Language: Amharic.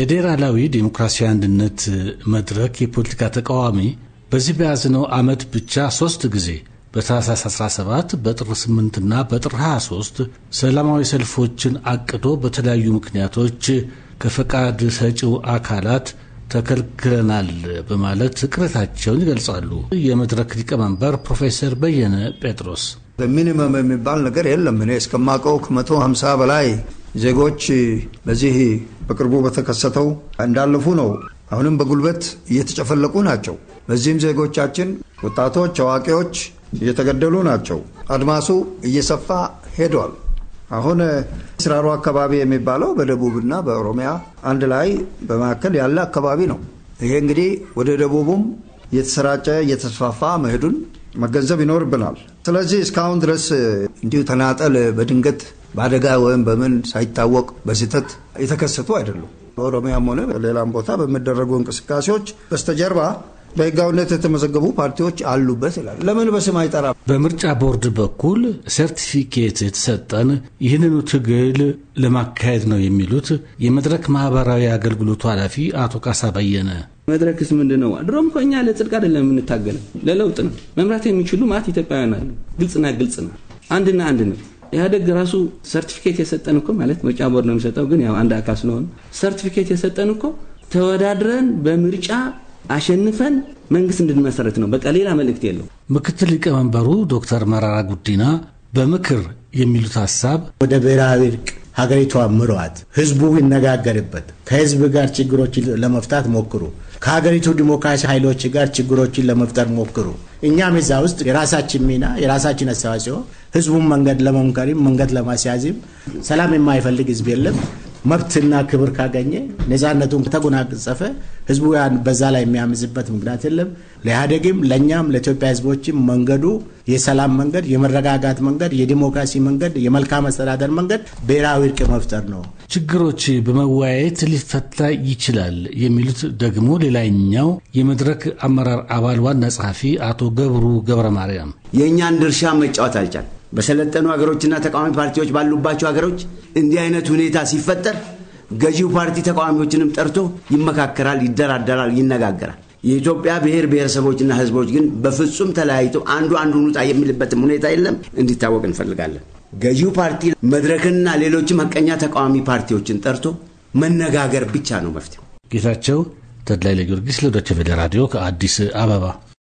ፌዴራላዊ ዴሞክራሲያዊ አንድነት መድረክ የፖለቲካ ተቃዋሚ በዚህ በያዝነው ዓመት ብቻ ሶስት ጊዜ በታህሳስ 17 በጥር 8 እና በጥር 23 ሰላማዊ ሰልፎችን አቅዶ በተለያዩ ምክንያቶች ከፈቃድ ሰጪው አካላት ተከልክለናል በማለት ቅሬታቸውን ይገልጻሉ። የመድረክ ሊቀመንበር ፕሮፌሰር በየነ ጴጥሮስ በሚኒመም የሚባል ነገር የለም። እኔ እስከማውቀው ከመቶ ሃምሳ በላይ ዜጎች በዚህ በቅርቡ በተከሰተው እንዳለፉ ነው። አሁንም በጉልበት እየተጨፈለቁ ናቸው። በዚህም ዜጎቻችን ወጣቶች፣ አዋቂዎች እየተገደሉ ናቸው። አድማሱ እየሰፋ ሄዷል። አሁን ስራሮ አካባቢ የሚባለው በደቡብና በኦሮሚያ አንድ ላይ በመካከል ያለ አካባቢ ነው። ይሄ እንግዲህ ወደ ደቡቡም እየተሰራጨ እየተስፋፋ መሄዱን መገንዘብ ይኖርብናል። ስለዚህ እስካሁን ድረስ እንዲሁ ተናጠል በድንገት በአደጋ ወይም በምን ሳይታወቅ በስህተት የተከሰቱ አይደሉም። በኦሮሚያም ሆነ በሌላም ቦታ በሚደረጉ እንቅስቃሴዎች በስተጀርባ በህጋዊነት የተመዘገቡ ፓርቲዎች አሉበት ይላል። ለምን በስም አይጠራ? በምርጫ ቦርድ በኩል ሰርቲፊኬት የተሰጠን ይህንኑ ትግል ለማካሄድ ነው የሚሉት የመድረክ ማህበራዊ አገልግሎቱ ኃላፊ አቶ ካሳ በየነ። መድረክስ ምንድን ነው? ድሮም እኮ እኛ ለጽድቅ አይደለም የምንታገለው፣ ለለውጥ ነው። መምራት የሚችሉ ማለት ኢትዮጵያውያን አሉ። ግልጽና ግልጽ ነው። አንድና አንድ ነው። ኢህአደግ ራሱ ሰርቲፊኬት የሰጠን እኮ ማለት ምርጫ ቦርድ ነው የሚሰጠው፣ ግን ያው አንድ አካል ስለሆነ ሰርቲፊኬት የሰጠን እኮ ተወዳድረን በምርጫ አሸንፈን መንግስት እንድንመሰረት ነው። በቃ ሌላ መልእክት የለው። ምክትል ሊቀመንበሩ ዶክተር መራራ ጉዲና በምክር የሚሉት ሀሳብ ወደ ብሔራዊ እርቅ ሀገሪቷ ምሯት፣ ህዝቡ ይነጋገርበት፣ ከህዝብ ጋር ችግሮችን ለመፍታት ሞክሩ፣ ከሀገሪቱ ዲሞክራሲ ኃይሎች ጋር ችግሮችን ለመፍጠር ሞክሩ። እኛም እዛ ውስጥ የራሳችን ሚና የራሳችን አስተዋጽኦ ህዝቡን መንገድ ለመምከሪም መንገድ ለማስያዝም ሰላም የማይፈልግ ህዝብ የለም። መብትና ክብር ካገኘ ነፃነቱን ከተጎናጸፈ ህዝቡ ያን በዛ ላይ የሚያምዝበት ምክንያት የለም። ለኢህአዴግም ለእኛም ለኢትዮጵያ ህዝቦችም መንገዱ የሰላም መንገድ፣ የመረጋጋት መንገድ፣ የዲሞክራሲ መንገድ፣ የመልካም አስተዳደር መንገድ ብሔራዊ እርቅ መፍጠር ነው። ችግሮች በመወያየት ሊፈታ ይችላል የሚሉት ደግሞ ሌላኛው የመድረክ አመራር አባል ዋና ጸሐፊ አቶ ገብሩ ገብረ ማርያም የእኛን ድርሻ መጫወት አልቻል በሰለጠኑ ሀገሮችና ተቃዋሚ ፓርቲዎች ባሉባቸው ሀገሮች እንዲህ አይነት ሁኔታ ሲፈጠር ገዢው ፓርቲ ተቃዋሚዎችንም ጠርቶ ይመካከራል፣ ይደራደራል፣ ይነጋገራል። የኢትዮጵያ ብሔር ብሔረሰቦችና ሕዝቦች ግን በፍጹም ተለያይተው አንዱ አንዱ ውጣ የሚልበትም ሁኔታ የለም። እንዲታወቅ እንፈልጋለን። ገዢው ፓርቲ መድረክንና ሌሎችም ሀቀኛ ተቃዋሚ ፓርቲዎችን ጠርቶ መነጋገር ብቻ ነው መፍትሄው። ጌታቸው ተድላይ ለጊዮርጊስ ለዶቸቬለ ራዲዮ ከአዲስ አበባ